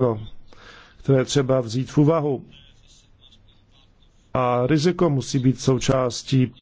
No, které třeba vzít v úvahu. A riziko musí být součástí